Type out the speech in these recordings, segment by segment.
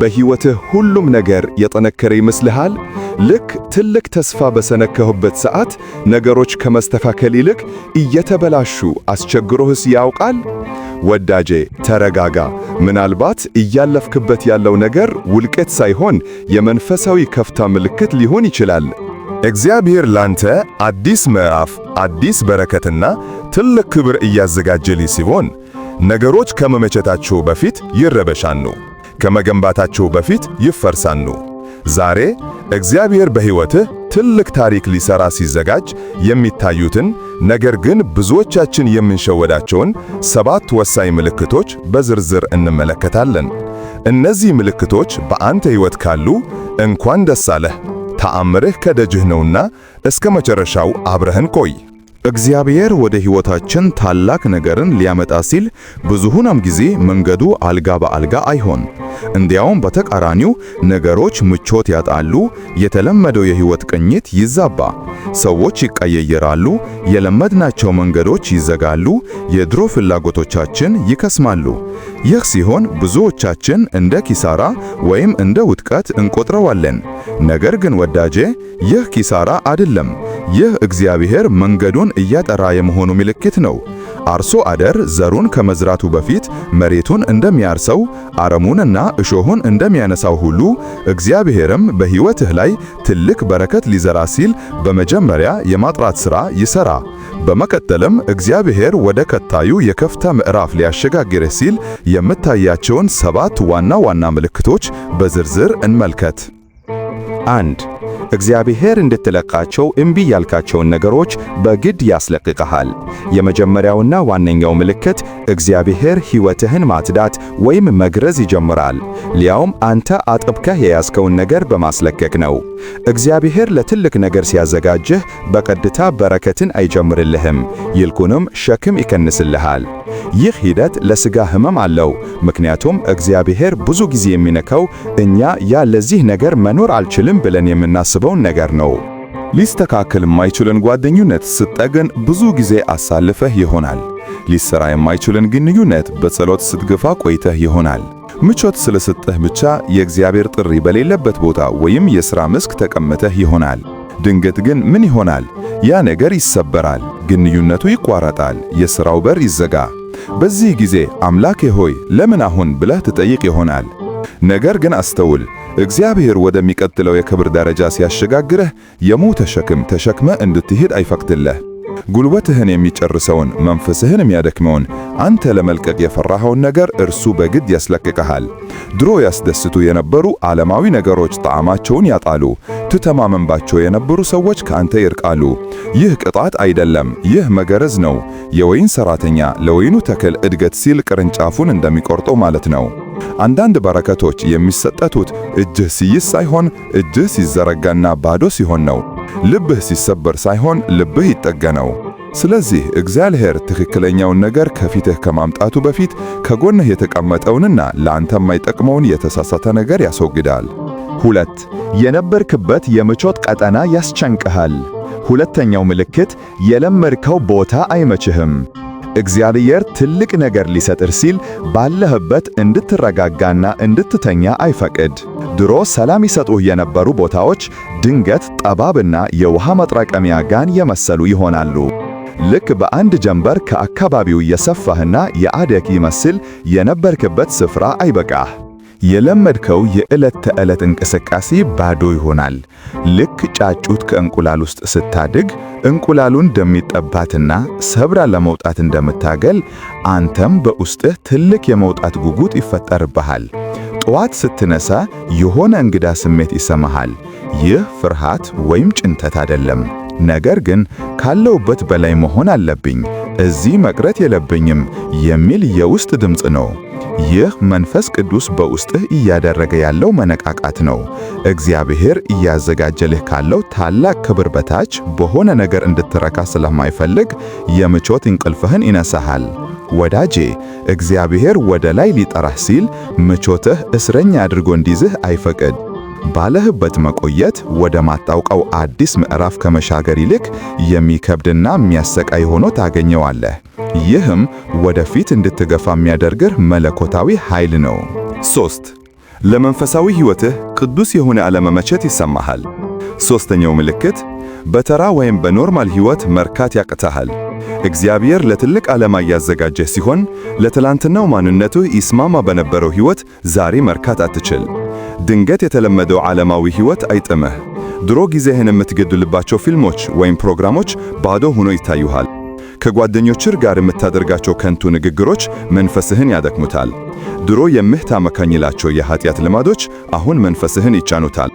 በሕይወትህ ሁሉም ነገር የጠነከረ ይመስልሃል? ልክ ትልቅ ተስፋ በሰነከሁበት ሰዓት ነገሮች ከመስተካከል ይልቅ እየተበላሹ አስቸግሮህስ ያውቃል? ወዳጄ ተረጋጋ። ምናልባት እያለፍክበት ያለው ነገር ውልቀት ሳይሆን የመንፈሳዊ ከፍታ ምልክት ሊሆን ይችላል። እግዚአብሔር ላንተ አዲስ ምዕራፍ፣ አዲስ በረከትና ትልቅ ክብር እያዘጋጀልህ ሲሆን ነገሮች ከመመቸታቸው በፊት ነው። ከመገንባታቸው በፊት ይፈርሳሉ። ዛሬ እግዚአብሔር በሕይወትህ ትልቅ ታሪክ ሊሰራ ሲዘጋጅ የሚታዩትን ነገር ግን ብዙዎቻችን የምንሸወዳቸውን ሰባት ወሳኝ ምልክቶች በዝርዝር እንመለከታለን። እነዚህ ምልክቶች በአንተ ሕይወት ካሉ እንኳን ደስ አለህ፣ ተአምርህ ከደጅህ ነውና እስከ መጨረሻው አብረህን ቆይ። እግዚአብሔር ወደ ሕይወታችን ታላቅ ነገርን ሊያመጣ ሲል ብዙሁንም ጊዜ መንገዱ አልጋ በአልጋ አይሆን። እንዲያውም በተቃራኒው ነገሮች ምቾት ያጣሉ። የተለመደው የሕይወት ቅኝት ይዛባ፣ ሰዎች ይቀየየራሉ፣ የለመድናቸው መንገዶች ይዘጋሉ፣ የድሮ ፍላጎቶቻችን ይከስማሉ። ይህ ሲሆን ብዙዎቻችን እንደ ኪሳራ ወይም እንደ ውድቀት እንቆጥረዋለን። ነገር ግን ወዳጄ፣ ይህ ኪሳራ አይደለም። ይህ እግዚአብሔር መንገዱን እያጠራ የመሆኑ ምልክት ነው። አርሶ አደር ዘሩን ከመዝራቱ በፊት መሬቱን እንደሚያርሰው አረሙንና እሾሁን እንደሚያነሳው ሁሉ እግዚአብሔርም በሕይወትህ ላይ ትልቅ በረከት ሊዘራ ሲል በመጀመሪያ የማጥራት ሥራ ይሠራ። በመቀጠልም እግዚአብሔር ወደ ከታዩ የከፍታ ምዕራፍ ሊያሸጋግርህ ሲል የምታያቸውን ሰባት ዋና ዋና ምልክቶች በዝርዝር እንመልከት። አንድ እግዚአብሔር እንድትለቃቸው እምቢ ያልካቸውን ነገሮች በግድ ያስለቅቀሃል። የመጀመሪያውና ዋነኛው ምልክት እግዚአብሔር ሕይወትህን ማጽዳት ወይም መግረዝ ይጀምራል። ሊያውም አንተ አጥብከ የያዝከውን ነገር በማስለቀቅ ነው። እግዚአብሔር ለትልቅ ነገር ሲያዘጋጅህ በቀጥታ በረከትን አይጀምርልህም፣ ይልቁንም ሸክም ይከንስልሃል። ይህ ሂደት ለሥጋ ሕመም አለው። ምክንያቱም እግዚአብሔር ብዙ ጊዜ የሚነካው እኛ ያ ለዚህ ነገር መኖር አልችልም ብለን የምና የምናስበውን ነገር ነው። ሊስተካከል የማይችልን ጓደኝነት ስትጠግን ብዙ ጊዜ አሳልፈህ ይሆናል። ሊሰራ የማይችልን ግንኙነት በጸሎት ስትገፋ ቆይተህ ይሆናል። ምቾት ስለሰጠህ ብቻ የእግዚአብሔር ጥሪ በሌለበት ቦታ ወይም የሥራ መስክ ተቀምጠህ ይሆናል። ድንገት ግን ምን ይሆናል? ያ ነገር ይሰበራል፣ ግንኙነቱ ይቋረጣል፣ የሥራው በር ይዘጋ። በዚህ ጊዜ አምላኬ ሆይ ለምን አሁን ብለህ ትጠይቅ ይሆናል። ነገር ግን አስተውል፣ እግዚአብሔር ወደሚቀጥለው የክብር ደረጃ ሲያሸጋግርህ የሞተ ሸክም ተሸክመ እንድትሄድ አይፈቅድልህ። ጉልበትህን የሚጨርሰውን መንፈስህን የሚያደክመውን አንተ ለመልቀቅ የፈራኸውን ነገር እርሱ በግድ ያስለቅቀሃል። ድሮ ያስደስቱ የነበሩ ዓለማዊ ነገሮች ጣዕማቸውን ያጣሉ። ትተማመንባቸው የነበሩ ሰዎች ከአንተ ይርቃሉ። ይህ ቅጣት አይደለም፣ ይህ መገረዝ ነው። የወይን ሠራተኛ ለወይኑ ተክል እድገት ሲል ቅርንጫፉን እንደሚቆርጠው ማለት ነው። አንዳንድ በረከቶች የሚሰጠቱት እጅህ ሲይዝ ሳይሆን እጅህ ሲዘረጋና ባዶ ሲሆን ነው። ልብህ ሲሰበር ሳይሆን ልብህ ይጠጋ ነው። ስለዚህ እግዚአብሔር ትክክለኛውን ነገር ከፊትህ ከማምጣቱ በፊት ከጎንህ የተቀመጠውንና ለአንተ የማይጠቅመውን የተሳሳተ ነገር ያስወግዳል። ሁለት የነበርክበት የምቾት ቀጠና ያስጨንቅሃል። ሁለተኛው ምልክት የለመድከው ቦታ አይመችህም። እግዚአብሔር ትልቅ ነገር ሊሰጥር ሲል ባለህበት እንድትረጋጋና እንድትተኛ አይፈቅድ። ድሮ ሰላም ይሰጡህ የነበሩ ቦታዎች ድንገት ጠባብና የውሃ መጥረቀሚያ ጋን የመሰሉ ይሆናሉ። ልክ በአንድ ጀንበር ከአካባቢው የሰፋህና የአደክ ይመስል የነበርክበት ስፍራ አይበቃህ። የለመድከው የዕለት ተዕለት እንቅስቃሴ ባዶ ይሆናል። ልክ ጫጩት ከእንቁላል ውስጥ ስታድግ እንቁላሉን እንደሚጠባትና ሰብራ ለመውጣት እንደምታገል አንተም በውስጥህ ትልቅ የመውጣት ጉጉት ይፈጠርብሃል። ጠዋት ስትነሳ የሆነ እንግዳ ስሜት ይሰማሃል። ይህ ፍርሃት ወይም ጭንቀት አይደለም። ነገር ግን ካለውበት በላይ መሆን አለብኝ፣ እዚህ መቅረት የለብኝም የሚል የውስጥ ድምፅ ነው። ይህ መንፈስ ቅዱስ በውስጥህ እያደረገ ያለው መነቃቃት ነው። እግዚአብሔር እያዘጋጀልህ ካለው ታላቅ ክብር በታች በሆነ ነገር እንድትረካ ስለማይፈልግ የምቾት እንቅልፍህን ይነሳሃል። ወዳጄ እግዚአብሔር ወደ ላይ ሊጠራህ ሲል ምቾትህ እስረኛ አድርጎ እንዲይዝህ አይፈቅድ። ባለህበት መቆየት ወደ ማታውቀው አዲስ ምዕራፍ ከመሻገር ይልቅ የሚከብድና የሚያሰቃይ ሆኖ ታገኘዋለህ። ይህም ወደፊት እንድትገፋ የሚያደርግህ መለኮታዊ ኃይል ነው። ሶስት ለመንፈሳዊ ሕይወትህ ቅዱስ የሆነ አለመመቸት ይሰማሃል። ሦስተኛው ምልክት በተራ ወይም በኖርማል ሕይወት መርካት ያቅተሃል። እግዚአብሔር ለትልቅ ዓላማ እያዘጋጀ ሲሆን ለትላንትናው ማንነቱ ይስማማ በነበረው ሕይወት ዛሬ መርካት አትችል። ድንገት የተለመደው ዓለማዊ ሕይወት አይጥምህ። ድሮ ጊዜህን የምትገድልባቸው ፊልሞች ወይም ፕሮግራሞች ባዶ ሆኖ ይታዩሃል። ከጓደኞችህ ጋር የምታደርጋቸው ከንቱ ንግግሮች መንፈስህን ያደክሙታል። ድሮ የምታመካኝላቸው የኃጢአት ልማዶች አሁን መንፈስህን ይጫኑታል።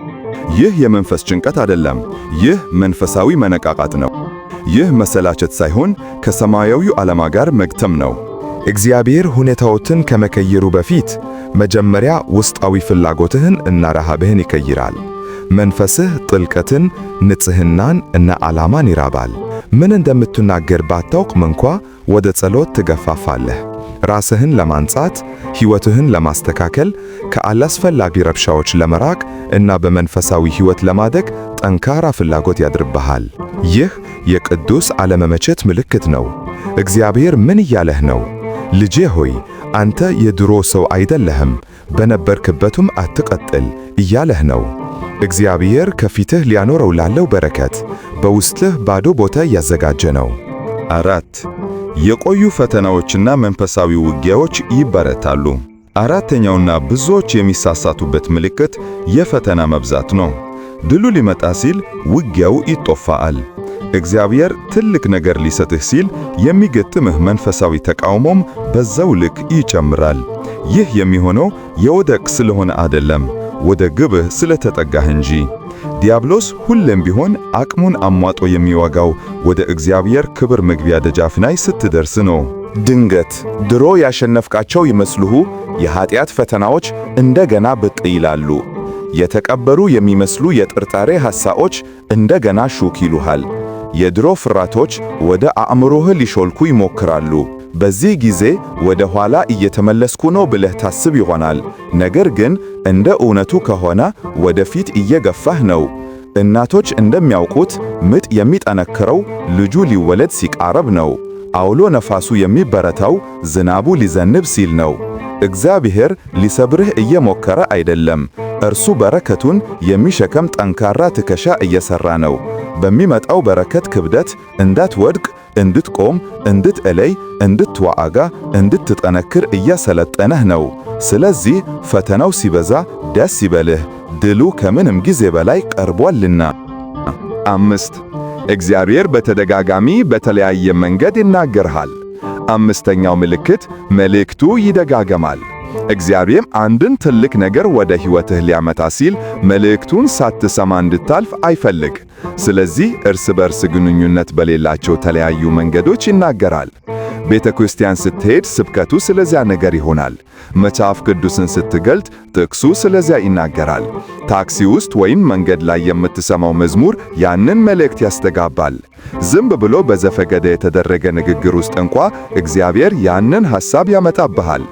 ይህ የመንፈስ ጭንቀት አይደለም። ይህ መንፈሳዊ መነቃቃት ነው። ይህ መሰላቸት ሳይሆን ከሰማያዊው ዓላማ ጋር መግተም ነው። እግዚአብሔር ሁኔታዎትን ከመቀየሩ በፊት መጀመሪያ ውስጣዊ ፍላጎትህን እና ረሃብህን ይቀይራል። መንፈስህ ጥልቀትን፣ ንጽህናን እና ዓላማን ይራባል። ምን እንደምትናገር ባታውቅም እንኳ ወደ ጸሎት ትገፋፋለህ። ራስህን ለማንጻት፣ ሕይወትህን ለማስተካከል፣ ከአላስፈላጊ ረብሻዎች ለመራቅ እና በመንፈሳዊ ሕይወት ለማደግ ጠንካራ ፍላጎት ያድርብሃል። ይህ የቅዱስ አለመመቸት ምልክት ነው። እግዚአብሔር ምን እያለህ ነው? ልጄ ሆይ አንተ የድሮ ሰው አይደለህም፣ በነበርክበቱም አትቀጥል እያለህ ነው። እግዚአብሔር ከፊትህ ሊያኖረው ላለው በረከት በውስጥህ ባዶ ቦታ እያዘጋጀ ነው። አራት የቆዩ ፈተናዎችና መንፈሳዊ ውጊያዎች ይበረታሉ። አራተኛውና ብዙዎች የሚሳሳቱበት ምልክት የፈተና መብዛት ነው። ድሉ ሊመጣ ሲል ውጊያው ይጦፋል። እግዚአብሔር ትልቅ ነገር ሊሰጥህ ሲል የሚገጥምህ መንፈሳዊ ተቃውሞም በዛው ልክ ይጨምራል። ይህ የሚሆነው የወደቅ ስለሆነ አይደለም፣ ወደ ግብህ ስለተጠጋህ እንጂ። ዲያብሎስ ሁሌም ቢሆን አቅሙን አሟጦ የሚዋጋው ወደ እግዚአብሔር ክብር መግቢያ ደጃፍ ላይ ስትደርስ ነው። ድንገት ድሮ ያሸነፍቃቸው ይመስልሁ የኀጢአት ፈተናዎች እንደገና ብቅ ይላሉ። የተቀበሩ የሚመስሉ የጥርጣሬ ሐሳቦች እንደገና ሹክ ይሉሃል። የድሮ ፍራቶች ወደ አእምሮህ ሊሾልኩ ይሞክራሉ። በዚህ ጊዜ ወደ ኋላ እየተመለስኩ ነው ብለህ ታስብ ይሆናል። ነገር ግን እንደ እውነቱ ከሆነ ወደፊት እየገፋህ ነው። እናቶች እንደሚያውቁት ምጥ የሚጠነክረው ልጁ ሊወለድ ሲቃረብ ነው። አውሎ ነፋሱ የሚበረታው ዝናቡ ሊዘንብ ሲል ነው። እግዚአብሔር ሊሰብርህ እየሞከረ አይደለም። እርሱ በረከቱን የሚሸከም ጠንካራ ትከሻ እየሰራ ነው። በሚመጣው በረከት ክብደት እንዳትወድቅ፣ እንድትቆም፣ እንድትዕለይ፣ እንድትዋአጋ እንድትጠነክር እያሰለጠነህ ነው። ስለዚህ ፈተናው ሲበዛ ደስ ይበልህ፣ ድሉ ከምንም ጊዜ በላይ ቀርቧልና። አምስት እግዚአብሔር በተደጋጋሚ በተለያየ መንገድ ይናገርሃል። አምስተኛው ምልክት መልእክቱ ይደጋገማል። እግዚአብሔር አንድን ትልቅ ነገር ወደ ሕይወትህ ሊያመጣ ሲል መልእክቱን ሳትሰማ እንድታልፍ አይፈልግ። ስለዚህ እርስ በርስ ግንኙነት በሌላቸው ተለያዩ መንገዶች ይናገራል። ቤተ ክርስቲያን ስትሄድ ስብከቱ ስለዚያ ነገር ይሆናል። መጽሐፍ ቅዱስን ስትገልጥ ጥቅሱ ስለዚያ ይናገራል። ታክሲ ውስጥ ወይም መንገድ ላይ የምትሰማው መዝሙር ያንን መልእክት ያስተጋባል። ዝም ብሎ በዘፈገደ የተደረገ ንግግር ውስጥ እንኳ እግዚአብሔር ያንን ሐሳብ ያመጣብሃል።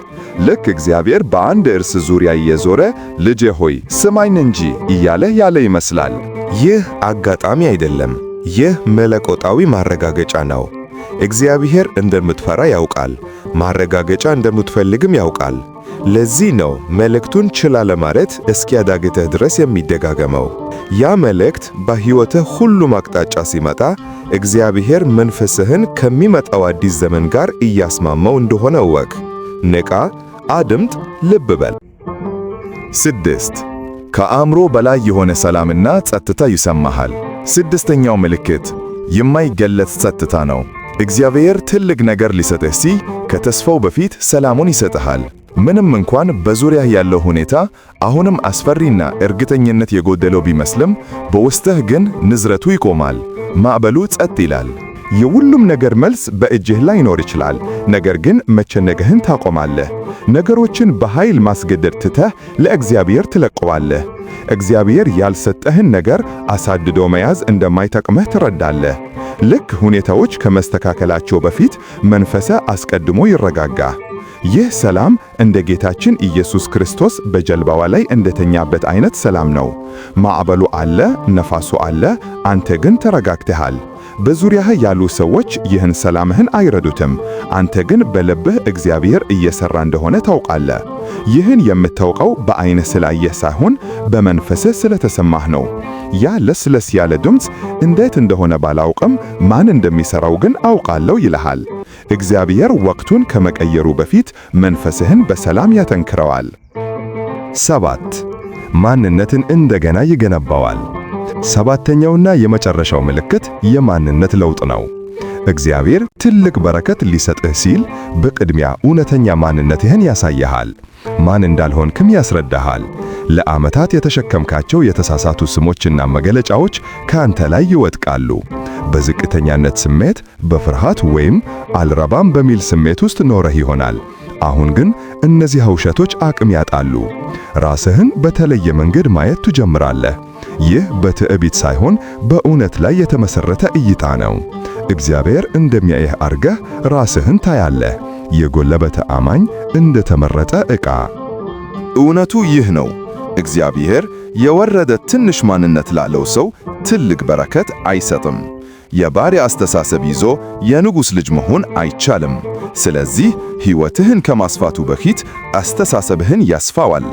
ልክ እግዚአብሔር በአንድ እርስ ዙሪያ እየዞረ ልጄ ሆይ ስማኝ እንጂ እያለ ያለ ይመስላል። ይህ አጋጣሚ አይደለም። ይህ መለኮታዊ ማረጋገጫ ነው። እግዚአብሔር እንደምትፈራ ያውቃል። ማረጋገጫ እንደምትፈልግም ያውቃል። ለዚህ ነው መልእክቱን ችላ ለማለት እስኪያዳግተህ ድረስ የሚደጋገመው። ያ መልእክት በሕይወትህ ሁሉም አቅጣጫ ሲመጣ እግዚአብሔር መንፈስህን ከሚመጣው አዲስ ዘመን ጋር እያስማመው እንደሆነ እወቅ። ንቃ፣ አድምጥ፣ ልብ በል። ስድስት ከአእምሮ በላይ የሆነ ሰላምና ጸጥታ ይሰማሃል። ስድስተኛው ምልክት የማይገለጽ ጸጥታ ነው። እግዚአብሔር ትልቅ ነገር ሊሰጥህ ሲ ከተስፋው በፊት ሰላሙን ይሰጥሃል። ምንም እንኳን በዙሪያህ ያለው ሁኔታ አሁንም አስፈሪና እርግጠኝነት የጎደለው ቢመስልም፣ በውስጥህ ግን ንዝረቱ ይቆማል፣ ማዕበሉ ጸጥ ይላል። የሁሉም ነገር መልስ በእጅህ ላይኖር ይችላል። ነገር ግን መቸነቅህን ታቆማለህ። ነገሮችን በኃይል ማስገደድ ትተህ ለእግዚአብሔር ትለቀዋለህ። እግዚአብሔር ያልሰጠህን ነገር አሳድዶ መያዝ እንደማይጠቅመህ ትረዳለህ። ልክ ሁኔታዎች ከመስተካከላቸው በፊት መንፈሰ አስቀድሞ ይረጋጋ። ይህ ሰላም እንደ ጌታችን ኢየሱስ ክርስቶስ በጀልባዋ ላይ እንደተኛበት አይነት ሰላም ነው። ማዕበሉ አለ፣ ነፋሱ አለ፣ አንተ ግን ተረጋግተሃል። በዙሪያህ ያሉ ሰዎች ይህን ሰላምህን አይረዱትም። አንተ ግን በልብህ እግዚአብሔር እየሠራ እንደሆነ ታውቃለህ። ይህን የምታውቀው በዐይንህ ስላየህ ሳይሆን በመንፈስህ ስለተሰማህ ነው። ያ ለስለስ ያለ ድምፅ እንዴት እንደሆነ ባላውቅም ማን እንደሚሠራው ግን አውቃለሁ ይልሃል። እግዚአብሔር ወቅቱን ከመቀየሩ በፊት መንፈስህን በሰላም ያተንክረዋል። ሰባት ማንነትን እንደገና ይገነባዋል። ሰባተኛውና የመጨረሻው ምልክት የማንነት ለውጥ ነው። እግዚአብሔር ትልቅ በረከት ሊሰጥህ ሲል በቅድሚያ እውነተኛ ማንነትህን ያሳይሃል። ማን እንዳልሆንክም ያስረዳሃል። ለዓመታት የተሸከምካቸው የተሳሳቱ ስሞችና መገለጫዎች ከአንተ ላይ ይወጥቃሉ? በዝቅተኛነት ስሜት፣ በፍርሃት ወይም አልረባም በሚል ስሜት ውስጥ ኖረህ ይሆናል። አሁን ግን እነዚህ ውሸቶች አቅም ያጣሉ። ራስህን በተለየ መንገድ ማየት ትጀምራለህ። ይህ በትዕቢት ሳይሆን በእውነት ላይ የተመሠረተ እይታ ነው። እግዚአብሔር እንደሚያየህ አርገህ ራስህን ታያለህ። የጎለበተ አማኝ እንደ ተመረጠ ዕቃ። እውነቱ ይህ ነው። እግዚአብሔር የወረደ ትንሽ ማንነት ላለው ሰው ትልቅ በረከት አይሰጥም። የባሪያ አስተሳሰብ ይዞ የንጉሥ ልጅ መሆን አይቻልም። ስለዚህ ሕይወትህን ከማስፋቱ በፊት አስተሳሰብህን ያስፋዋል።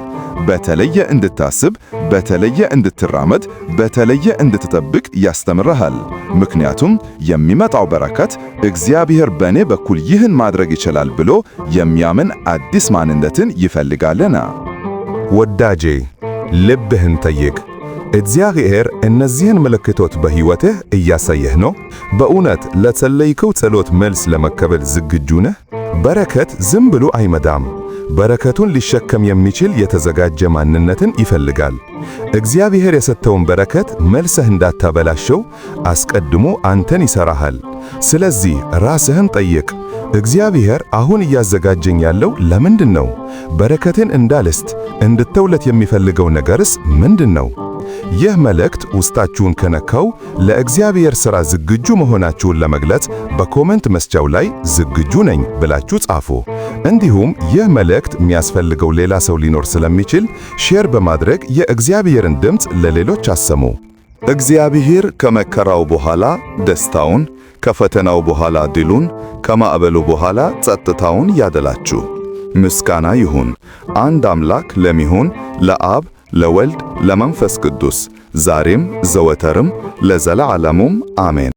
በተለየ እንድታስብ፣ በተለየ እንድትራመድ፣ በተለየ እንድትጠብቅ ያስተምርሃል። ምክንያቱም የሚመጣው በረከት እግዚአብሔር በእኔ በኩል ይህን ማድረግ ይችላል ብሎ የሚያምን አዲስ ማንነትን ይፈልጋልና። ወዳጄ ልብህን ጠይቅ። እግዚአብሔር እነዚህን ምልክቶች በሕይወትህ እያሳየህ ነው። በእውነት ለጸለይከው ጸሎት መልስ ለመቀበል ዝግጁ ነህ። በረከት ዝም ብሎ አይመጣም። በረከቱን ሊሸከም የሚችል የተዘጋጀ ማንነትን ይፈልጋል። እግዚአብሔር የሰጠውን በረከት መልሰህ እንዳታበላሸው አስቀድሞ አንተን ይሠራሃል። ስለዚህ ራስህን ጠይቅ፣ እግዚአብሔር አሁን እያዘጋጀኝ ያለው ለምንድን ነው? በረከትን እንዳልስት እንድተውለት የሚፈልገው ነገርስ ምንድን ነው? ይህ መልእክት ውስጣችሁን ከነካው ለእግዚአብሔር ሥራ ዝግጁ መሆናችሁን ለመግለጽ በኮመንት መስጫው ላይ ዝግጁ ነኝ ብላችሁ ጻፉ። እንዲሁም ይህ መልእክት የሚያስፈልገው ሌላ ሰው ሊኖር ስለሚችል ሼር በማድረግ የእግዚአብሔርን ድምፅ ለሌሎች አሰሙ። እግዚአብሔር ከመከራው በኋላ ደስታውን፣ ከፈተናው በኋላ ድሉን፣ ከማዕበሉ በኋላ ጸጥታውን ያደላችሁ። ምስጋና ይሁን አንድ አምላክ ለሚሆን ለአብ ለወልድ ለመንፈስ ቅዱስ ዛሬም ዘወተርም ለዘላለሙም አሜን።